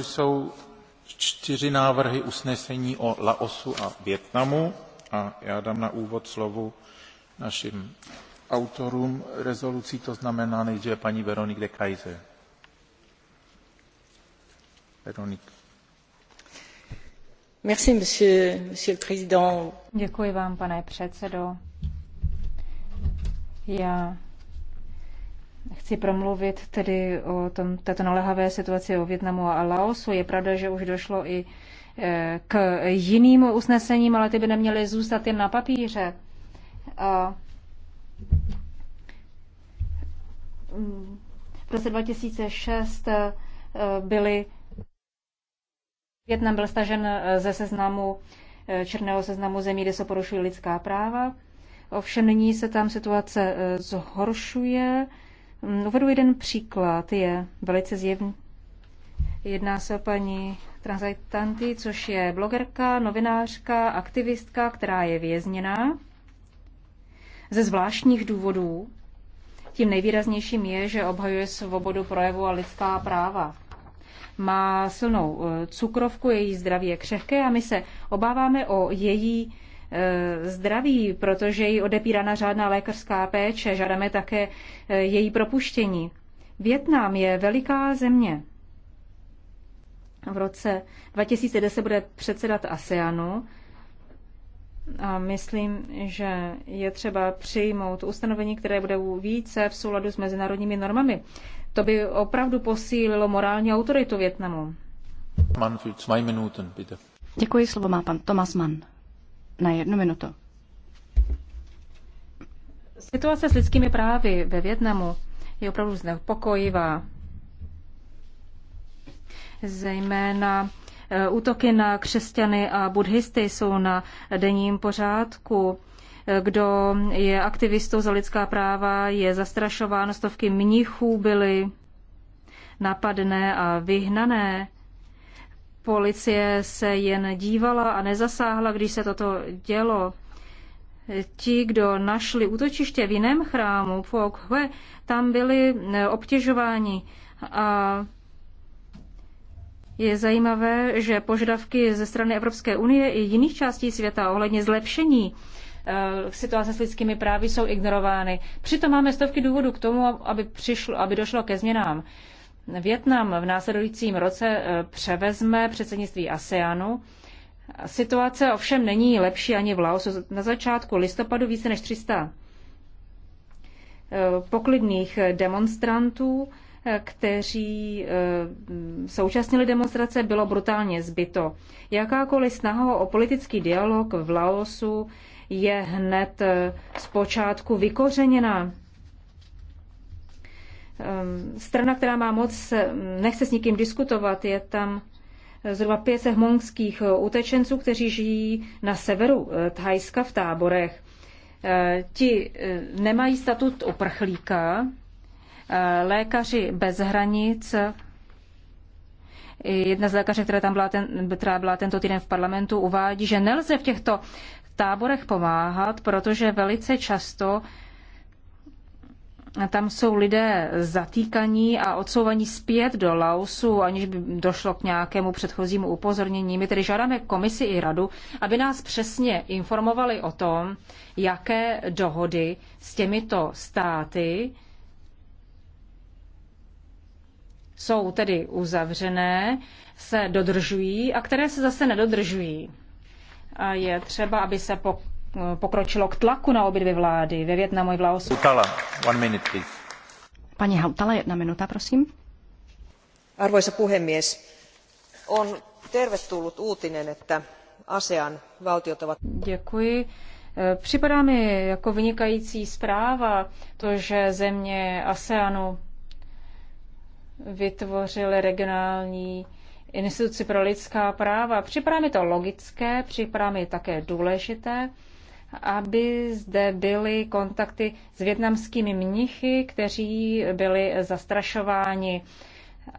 jsou čtyři návrhy usnesení o Laosu a Vietnamu a já dám na úvod slovo našim autorům rezolucí, to znamená nejdříve paní Veronique de Kaiser. Veronique. Merci, monsieur, monsieur le président. Děkuji vám, pane předsedo. Já Chci promluvit tedy o tom, této naléhavé situaci o Větnamu a Laosu. Je pravda, že už došlo i eh, k jiným usnesením, ale ty by neměly zůstat jen na papíře. A mm, v roce 2006 eh, byly Větnam byl stažen eh, ze seznamu černého seznamu zemí, kde se porušují lidská práva. Ovšem nyní se tam situace zhoršuje. Mm, uvedu jeden příklad, je velice zjevný. Jedná se o paní Transaitanti, což je blogerka, novinářka, aktivistka, která je vězněná ze zvláštních důvodů. Tím nejvýraznějším je, že obhajuje svobodu projevu a lidská práva. Má silnou eh, cukrovku, její zdraví je křehké a my se obáváme o její Eh, zdraví, protože ji odepírána řádná lékařská péče. Žádáme také eh, její propuštění. Větnam je veliká země. V roce 2010 bude předsedat ASEANu a myslím, že je třeba přijmout ustanovení, které bude více v souladu s mezinárodními normami. To by opravdu posílilo morální autoritu Větnamu. Děkuji, slovo má pan Thomas Mann na jednu minutu. Situace s lidskými právy ve Větnamu je opravdu znepokojivá. Zejména eh, útoky na křesťany a buddhisty jsou na denním pořádku. Eh, kdo je aktivistou za lidská práva, je zastrašován, stovky mnichů byly napadné a vyhnané. Policie se jen dívala a nezasáhla, když se toto dělo. Ti, kdo našli útočiště v jiném chrámu, Fokhwe, tam byli e, obtěžováni a je zajímavé, že požadavky ze strany Evropské unie i jiných částí světa ohledně zlepšení e, situace s lidskými právy jsou ignorovány. Přitom máme stovky důvodů k tomu, aby, přišlo, aby došlo ke změnám. Větnam v následujícím roce eh, převezme předsednictví ASEANu. Situace ovšem není lepší ani v Laosu. Na začátku listopadu více než 300 eh, poklidných demonstrantů, eh, kteří současnili demonstrace, bylo brutálně zbyto. Jakákoliv snaha o politický dialog v Laosu je hned zpočátku vykořeněna. Ehm, strana, která má moc, nechce s nikým diskutovat. Je tam eh, zhruba 500 hmongských eh, utečenců, kteří žijí na severu eh, Thajska v táborech. Ti nemají statut uprchlíka, lékaři bez hranic, Jedna z lékařek, která tam byla, ten, která byla tento týden v parlamentu, uvádí, že nelze v těchto táborech pomáhat, protože velice často tam jsou lidé zatýkaní a odsouvaní zpět do Laosu, aniž by došlo k nějakému předchozímu upozornění. My tedy žádáme komisi i radu, aby nás přesně informovali o tom, jaké dohody s těmito státy jsou tedy uzavřené, se dodržují a které se zase nedodržují. A je třeba, aby se po pokročilo k tlaku na obě dvě vlády ve Větnamu i v Laosu. Hautala, one minute, please. Pani Hautala, jedna minuta, prosím. Arvoisa puhemies, on tervetullut uutinen, että ASEAN valtiot ovat... Děkuji. Eh, připadá mi jako vynikající zpráva to, že země ASEANu vytvořily regionální instituci pro lidská práva. Připadá mi to logické, připadá mi také důležité aby zde byly kontakty s větnamskými mnichy, kteří byli zastrašováni.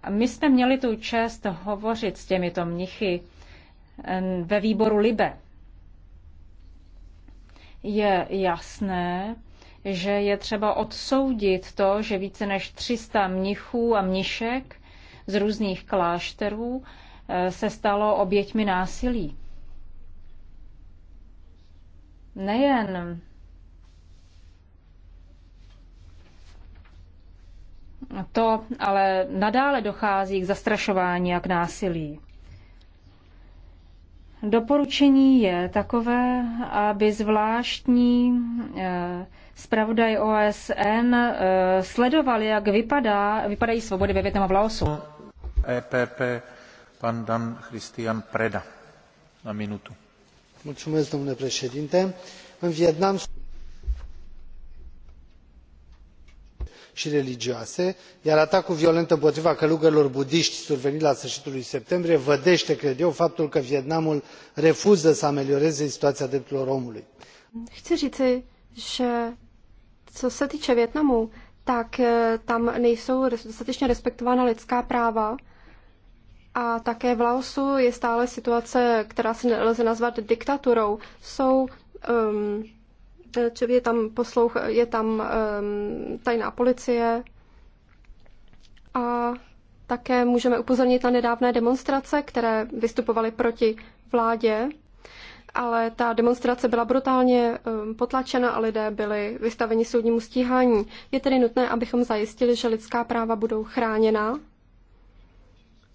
My jsme měli tu čest hovořit s těmito mnichy eh, ve výboru Libe. Je jasné, že je třeba odsoudit to, že více než 300 mnichů a mnišek z různých klášterů eh, se stalo oběťmi násilí nejen to, ale nadále dochází k zastrašování a k násilí. Doporučení je takové, aby zvláštní eh, zpravodaj OSN eh, sledoval, jak vypadá, vypadají svobody ve Větnamu v Laosu. EPP, pan Dan Christian Preda na minutu în vietnam sunt și religioase iar atacul violent împotriva călugărilor budiști survenit la sfârșitul lui septembrie vădește cred eu faptul că vietnamul refuză să amelioreze situația drepturilor omului. chci říci že co se týče vietnamu tak eh, tam nejsou dostatečně respektována lidská práva a také v Laosu je stále situace, která se nelze nazvat diktaturou. Jsou um, je tam poslouch, je tam um, tajná policie a také můžeme upozornit na nedávné demonstrace, které vystupovaly proti vládě, ale ta demonstrace byla brutálně um, potlačena a lidé byli vystaveni soudnímu stíhání. Je tedy nutné, abychom zajistili, že lidská práva budou chráněna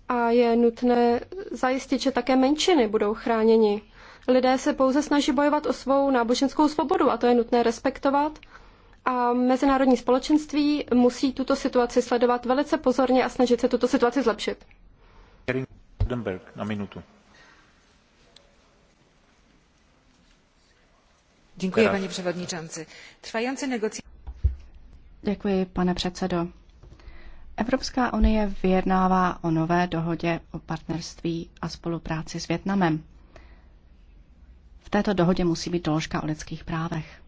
a je nutné zajistit, že také menšiny budou chráněni. Lidé se pouze snaží bojovat o svou náboženskou svobodu a to je nutné respektovat. A mezinárodní společenství musí tuto situaci sledovat velice pozorně a snažit se tuto situaci zlepšit. na minutu. Děkuji, pane předsedající. Děkuji, pane předsedo. Evropská unie vyjednává o nové dohodě o partnerství a spolupráci s Větnamem. V této dohodě musí být doložka o lidských právech.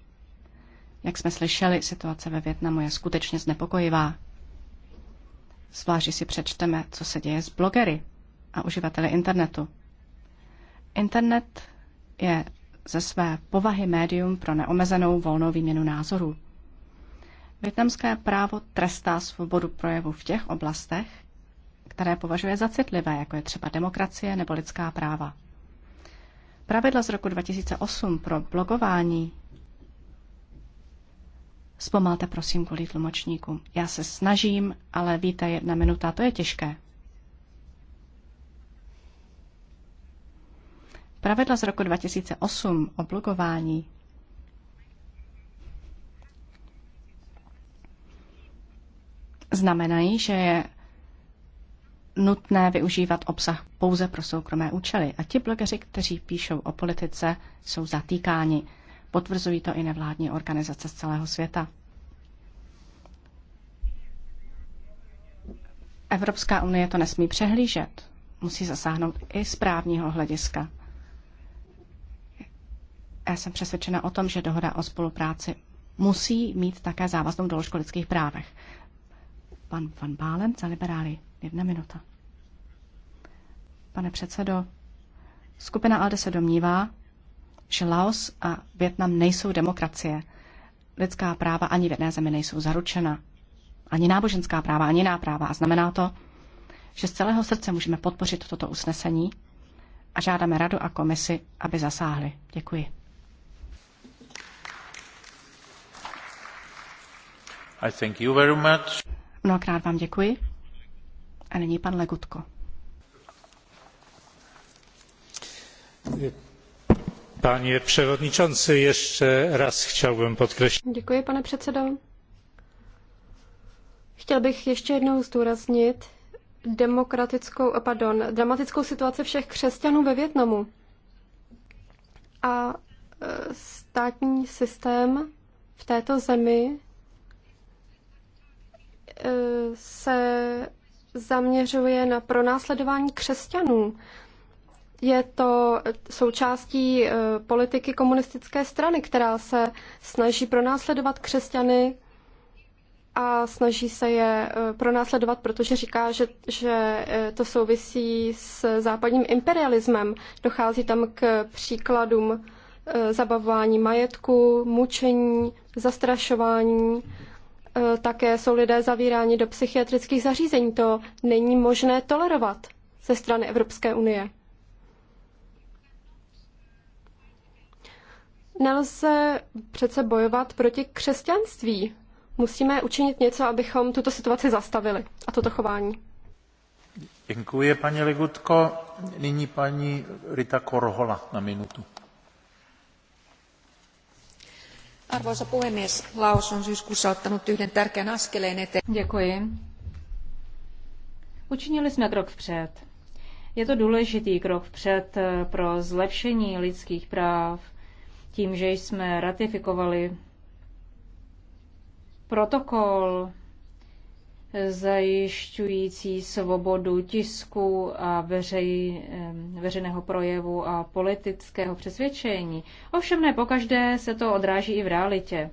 Jak jsme slyšeli, situace ve Větnamu je skutečně znepokojivá. Zvlášť si přečteme, co se děje s blogery a uživateli internetu. Internet je ze své povahy médium pro neomezenou volnou výměnu názorů. Větnamské právo trestá svobodu projevu v těch oblastech, které považuje za citlivé, jako je třeba demokracie nebo lidská práva. Pravidla z roku 2008 pro blogování Zpomalte prosím kvůli tlumočníkům. Já se snažím, ale víte, jedna minuta, to je těžké. Pravidla z roku 2008 o blogování znamenají, že je nutné využívat obsah pouze pro soukromé účely. A ti blogeři, kteří píšou o politice, jsou zatýkáni. Potvrzují to i nevládní organizace z celého světa. Evropská unie to nesmí přehlížet. Musí zasáhnout i z právního hlediska. Já jsem přesvědčena o tom, že dohoda o spolupráci musí mít také závaznou doložku lidských právech. Pan Van Bálen za liberály. Jedna minuta. Pane předsedo, skupina ALDE se domnívá, že Laos a Větnam nejsou demokracie. Lidská práva ani v jedné zemi nejsou zaručena. Ani náboženská práva, ani jiná práva. A znamená to, že z celého srdce můžeme podpořit toto usnesení a žádáme radu a komisi, aby zasáhly. Děkuji. I thank you very much. Mnohokrát vám děkuji. A nyní pan Legutko. Pane předsedající, ještě raz bych podkreslit. Děkuji, pane předsedo. Chtěl bych ještě jednou zdůraznit demokratickou, eh, pardon, dramatickou situaci všech křesťanů ve Větnamu. A eh, státní systém v této zemi Eh, se zaměřuje na pronásledování křesťanů. Je to součástí eh, politiky komunistické strany, která se snaží pronásledovat křesťany a snaží se je eh, pronásledovat, protože říká, že, že to souvisí s západním imperialismem. Dochází tam k příkladům zabavování majetku, mučení, zastrašování Eh, také jsou lidé zavíráni do psychiatrických zařízení. To není možné tolerovat ze strany Evropské unie. Nelze přece bojovat proti křesťanství. Musíme učinit něco, abychom tuto situaci zastavili a toto chování. Děkuji, paní Legutko. Nyní paní Rita Korhola na minutu. Arvoisa puhemies, Laos on syyskuussa ottanut yhden tärkeän askeleen eteen. Učinili jsme krok vpřed. Je to důležitý krok vpřed eh, pro zlepšení lidských práv tím, že jsme ratifikovali protokol zajišťující svobodu tisku a veřej, veřejného projevu a politického přesvědčení. Ovšem ne pokaždé se to odráží i v realitě.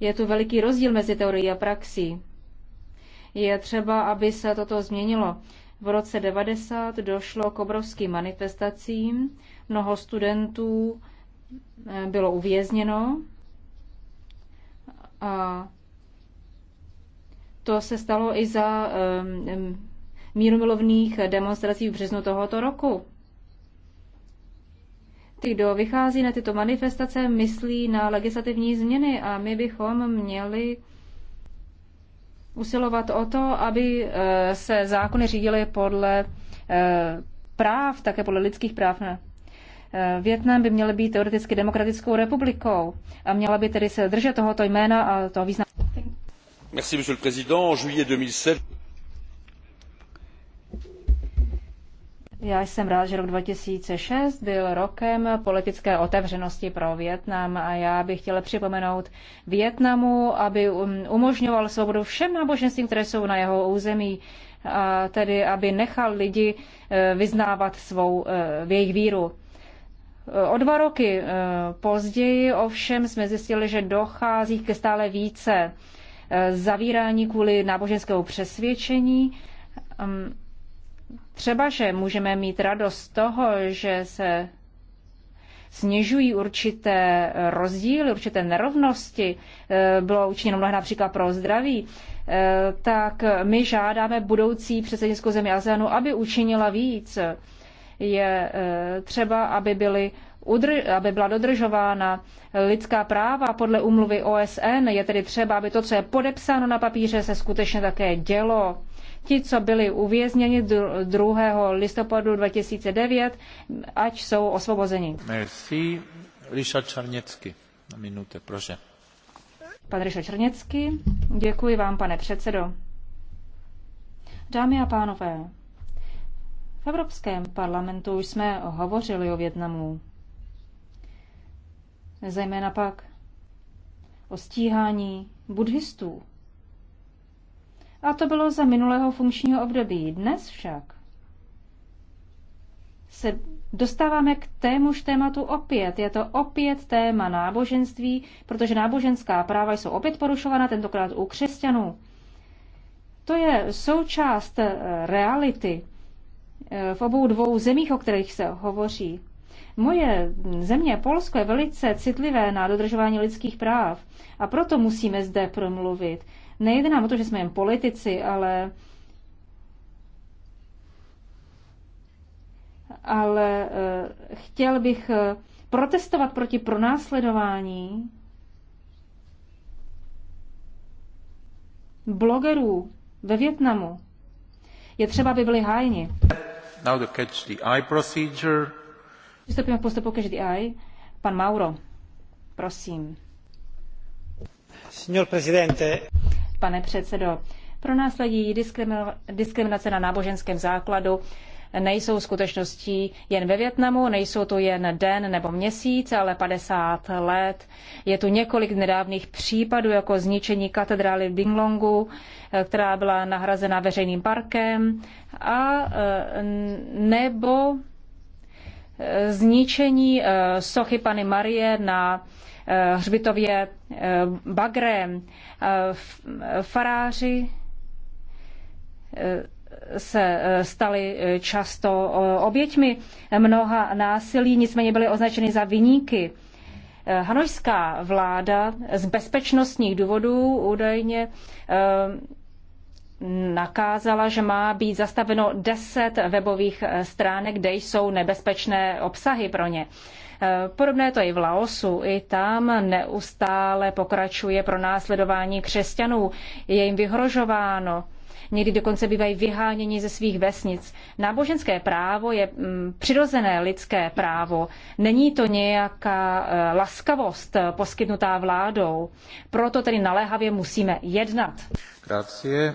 Je tu veliký rozdíl mezi teorií a praxí. Je třeba, aby se toto změnilo. V roce 90 došlo k obrovským manifestacím, mnoho studentů bylo uvězněno a to se stalo i za um, mírumilovných demonstrací v březnu tohoto roku. Ty, kdo vychází na tyto manifestace, myslí na legislativní změny a my bychom měli usilovat o to, aby eh, se zákony řídily podle eh, práv, také podle lidských práv. Ne. Eh, Větnam by měl být teoreticky demokratickou republikou a měla by tedy se držet tohoto jména a toho významu monsieur le président en juillet deux mille sept Já jsem rád, že rok 2006 byl rokem politické otevřenosti pro Větnam a já bych chtěla připomenout Větnamu, aby um, umožňoval svobodu všem náboženstvím, které jsou na jeho území, a tedy aby nechal lidi eh, vyznávat svou, eh, v jejich víru. Eh, o dva roky později ovšem jsme zjistili, že dochází ke stále více zavírání kvůli náboženského přesvědčení. Třeba, že můžeme mít radost z toho, že se snižují určité rozdíly, určité nerovnosti, eh, bylo učiněno mnohé například pro zdraví, eh, tak my žádáme budoucí předsednickou zemi ASEANu, aby učinila víc. Je eh, třeba, aby byly aby byla dodržována lidská práva podle umluvy OSN, je tedy třeba, aby to, co je podepsáno na papíře, se skutečně také dělo. Ti, co byli uvězněni 2. listopadu 2009, ať jsou osvobozeni. Merci. Richard Čarněcky. Na minute, prosím. Pan Richard Čarněcky, děkuji vám, pane předsedo. Dámy a pánové, v Evropském parlamentu jsme hovořili o Větnamu zejména pak o stíhání buddhistů. A to bylo za minulého funkčního období. Dnes však se dostáváme k témuž tématu opět. Je to opět téma náboženství, protože náboženská práva jsou opět porušována, tentokrát u křesťanů. To je součást eh, reality eh, v obou dvou zemích, o kterých se hovoří. Moje země, Polsko, je velice citlivé na dodržování lidských práv a proto musíme zde promluvit. Nejde nám o to, že jsme jen politici, ale ale eh, chtěl bych eh, protestovat proti pronásledování blogerů ve Větnamu. Je třeba, aby byli hájeni. Now the catch the eye procedure. Vystupujeme v postupu každý aj. Pan Mauro, prosím. Signor presidente. Pane předsedo, pro nás lidí diskriminace na náboženském základu nejsou skutečností jen ve Větnamu, nejsou to jen den nebo měsíc, ale 50 let. Je tu několik nedávných případů, jako zničení katedrály v Binglongu, která byla nahrazena veřejným parkem, a nebo zničení eh, sochy Pany Marie na eh, hřbitově eh, Bagrém. Faráři se stali často oběťmi mnoha násilí, nicméně byly označeny za vyníky. Hanojská vláda z bezpečnostních důvodů údajně nakázala, že má být zastaveno 10 webových eh, stránek, kde jsou nebezpečné obsahy pro ně. Eh, podobné to i v Laosu. I tam neustále pokračuje pro následování křesťanů. Je jim vyhrožováno. Někdy dokonce bývají vyháněni ze svých vesnic. Náboženské právo je mm, přirozené lidské právo. Není to nějaká eh, laskavost poskytnutá vládou. Proto tedy naléhavě musíme jednat. Grazie.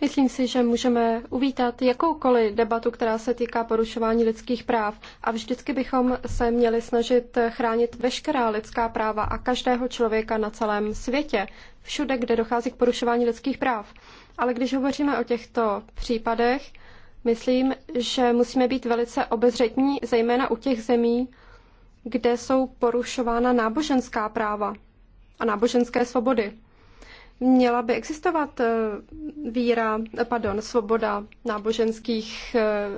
Myslím si, že můžeme uvítat jakoukoliv debatu, která se týká porušování lidských práv a vždycky bychom se měli snažit chránit veškerá lidská práva a každého člověka na celém světě, všude, kde dochází k porušování lidských práv. Ale když hovoříme o těchto případech, myslím, že musíme být velice obezřetní, zejména u těch zemí, kde jsou porušována náboženská práva a náboženské svobody. Měla by existovat eh, víra, pardon, svoboda náboženských eh,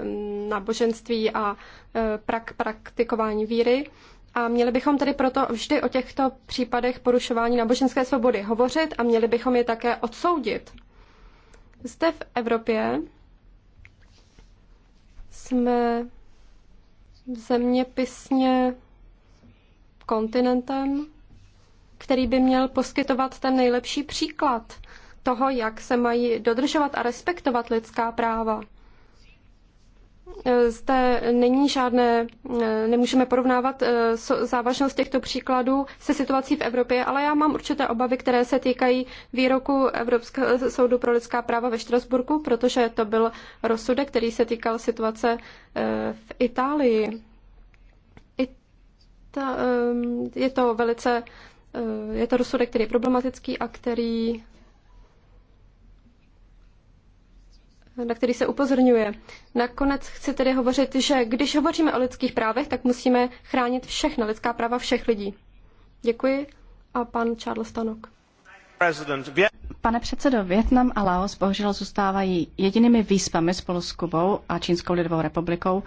náboženství a eh, prak, praktikování víry. A měli bychom tedy proto vždy o těchto případech porušování náboženské svobody hovořit a měli bychom je také odsoudit. Zde v Evropě jsme zeměpisně kontinentem, který by měl poskytovat ten nejlepší příklad toho, jak se mají dodržovat a respektovat lidská práva. E, zde není žádné, e, nemůžeme porovnávat e, závažnost těchto příkladů se situací v Evropě, ale já mám určité obavy, které se týkají výroku Evropského soudu pro lidská práva ve Štrasburku, protože to byl rozsudek, který se týkal situace v Itálii. je to velice Eh, je to rozsudek, který je problematický a který na který se upozorňuje. Nakonec chci tedy hovořit, že když hovoříme o lidských právech, tak musíme chránit všechna lidská práva všech lidí. Děkuji a pan Charles Stanok. Pane předsedo, Větnam a Laos bohužel zůstávají jedinými výspami spolu s Kubou a Čínskou lidovou republikou,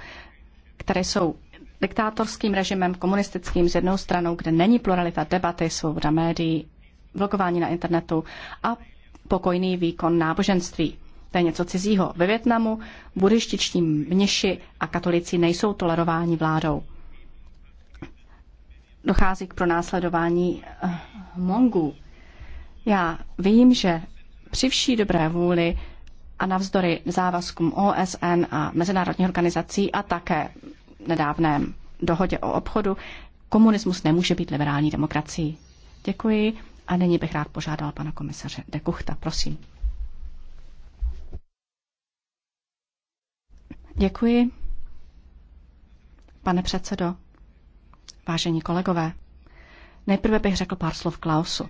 které jsou diktátorským režimem, komunistickým z jednou stranou, kde není pluralita debaty, svoboda médií, blokování na internetu a pokojný výkon náboženství. To je něco cizího. Ve Větnamu buddhističtí mniši a katolici nejsou tolerováni vládou. Dochází k pronásledování uh, mongů. Já vím, že při vší dobré vůli a navzdory závazkům OSN a mezinárodních organizací a také nedávném dohodě o obchodu, komunismus nemůže být liberální demokracií. Děkuji a nyní bych rád požádal pana komisaře de Kuchta, prosím. Děkuji. Pane předsedo, vážení kolegové, nejprve bych řekl pár slov Klausu.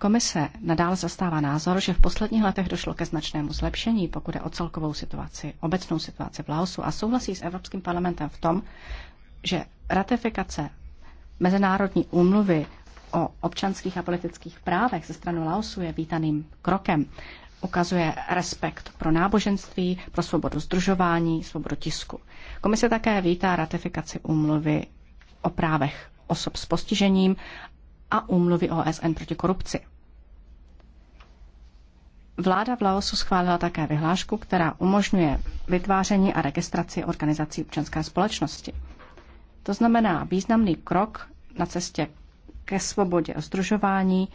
Komise nadále zastává názor, že v posledních letech došlo ke značnému zlepšení, pokud je o celkovou situaci, obecnou situaci v Laosu a souhlasí s Evropským parlamentem v tom, že ratifikace Mezinárodní úmluvy o občanských a politických právech ze strany Laosu je vítaným krokem. Ukazuje respekt pro náboženství, pro svobodu združování, svobodu tisku. Komise také vítá ratifikaci úmluvy o právech osob s postižením a úmluvy OSN proti korupci. Vláda v Laosu schválila také vyhlášku, která umožňuje vytváření a registraci organizací občanské společnosti. To znamená významný krok na cestě ke svobodě o združování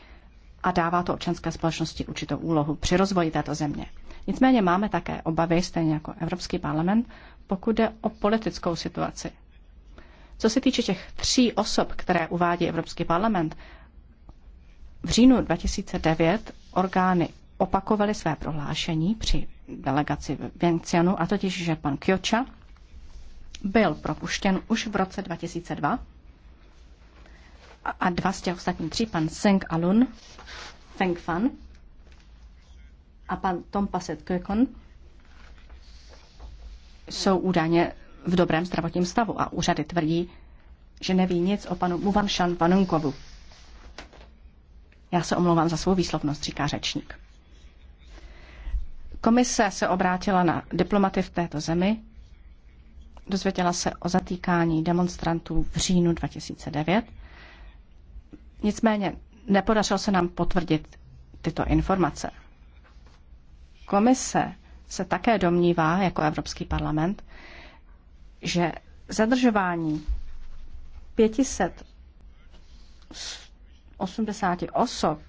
a dává to občanské společnosti určitou úlohu při rozvoji této země. Nicméně máme také obavy, stejně jako Evropský parlament, pokud jde o politickou situaci. Co se týče těch tří osob, které uvádí Evropský parlament, v říjnu 2009 orgány opakovali své prohlášení při delegaci v Vientianu, a totiž, že pan Kjoča byl propuštěn už v roce 2002 a dva z těch ostatních tří, pan Seng Alun, Feng Fan a pan Tom Paset Kökon, jsou údajně v dobrém zdravotním stavu a úřady tvrdí, že neví nic o panu Muvanšan, Shan Panunkovu. Já se omlouvám za svou výslovnost, říká řečník. Komise se obrátila na diplomaty v této zemi, dozvěděla se o zatýkání demonstrantů v říjnu 2009. Nicméně nepodařilo se nám potvrdit tyto informace. Komise se také domnívá, jako Evropský parlament, že zadržování 580 osob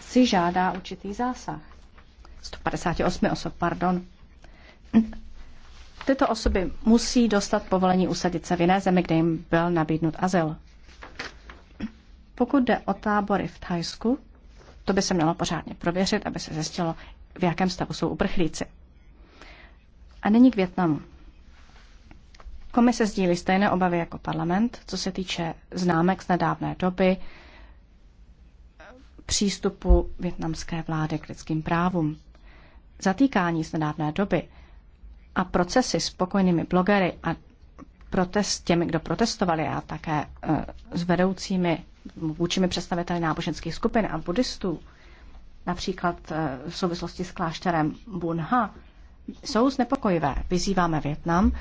si žádá určitý zásah. 158 osob, pardon. Tyto osoby musí dostat povolení usadit se v jiné zemi, kde jim byl nabídnut azyl. Pokud jde o tábory v Thajsku, to by se mělo pořádně prověřit, aby se zjistilo, v jakém stavu jsou uprchlíci. A nyní k Větnamu. Komise sdílí stejné obavy jako parlament, co se týče známek z nedávné doby, přístupu větnamské vlády k lidským právům zatýkání z nedávné doby a procesy s pokojnými blogery a protest těmi, kdo protestovali a také e, s vedoucími vůčimi představiteli náboženských skupin a buddhistů, například e, v souvislosti s klášterem Bunha, jsou znepokojivé. Vyzýváme Větnam,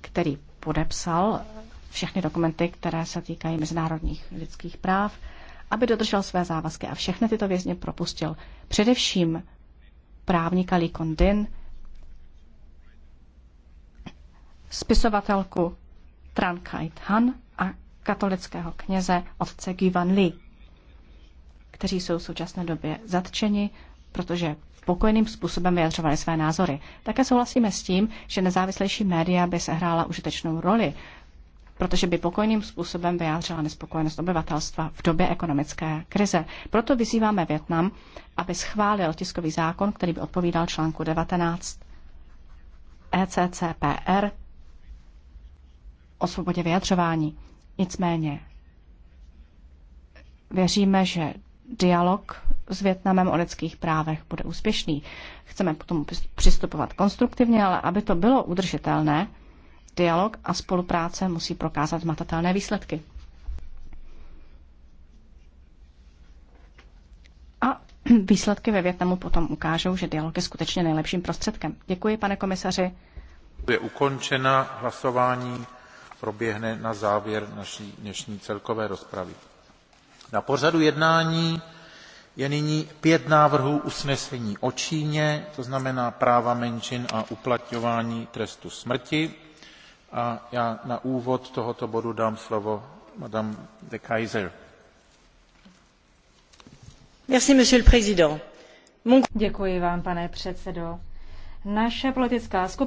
který podepsal všechny dokumenty, které se týkají mezinárodních lidských práv, aby dodržel své závazky a všechny tyto vězně propustil. Především právníka Lee Condin, spisovatelku Tran Kait Han a katolického kněze otce Givan Lee, kteří jsou v současné době zatčeni, protože pokojným způsobem vyjadřovali své názory. Také souhlasíme s tím, že nezávislejší média by sehrála užitečnou roli protože by pokojným způsobem vyjádřila nespokojenost obyvatelstva v době ekonomické krize. Proto vyzýváme Větnam, aby schválil tiskový zákon, který by odpovídal článku 19 ECCPR o svobodě vyjadřování. Nicméně věříme, že dialog s Větnamem o lidských právech bude úspěšný. Chceme k tomu přistupovat konstruktivně, ale aby to bylo udržitelné, Dialog a spolupráce musí prokázat matatelné výsledky. A výsledky ve Větnamu potom ukážou, že dialog je skutečně nejlepším prostředkem. Děkuji, pane komisaři. Je ukončena hlasování, proběhne na závěr naší dnešní celkové rozpravy. Na pořadu jednání je nyní pět návrhů usnesení o Číně, to znamená práva menšin a uplatňování trestu smrti. A já na úvod tohoto bodu dám slovo Madame de Kaiser. Merci, monsieur le président. Děkuji vám, pane předsedo. Naše politická skupina